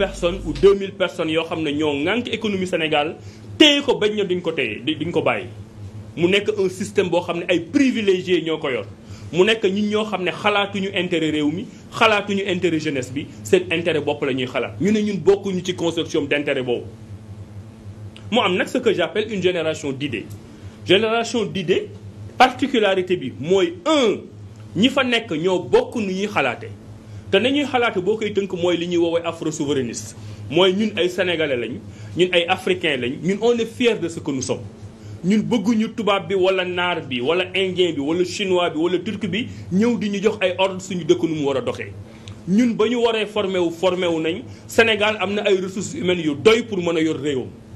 personnes ou 2000 personnes yoo xam ne ñoo ŋànk économie Sénégal téye ko bañ na duñ ko téye duñ ko bàyyi. mu nekk un système boo xam ne ay privilégiés ñoo ko yor mu nekk ñun ñoo xam ne xalaatuñu intérêt réew mi xalaatuñu intérêt jeunesse bi seen intérêt bopp la ñuy xalaat ñu ne ñun bokkuñu ci conception d' intérêt boobu. mu am nag ce que j'appelle une génération d'idées génération d'idées particularité bi mooy un ñi fa nekk ñoo bokk nu ñuy xalaate te nañuy xalaate boo koy tënk mooy li ñuy woowee afro souverainiste mooy ñun ay sénégalais lañu ñun ay africains lañu ñun on est fiers de ce que nous ñun bëgguñu tubaab bi wala naar bi wala indien bi wala chinois bi wala turc bi ñëw di ñu jox ay ordre suñu dëkku nu mu war a doxee. ñun ba ñu waree formé wu formé wu nañ Sénégal am na ay ressources humaines yu doy pour mën a yor réewam.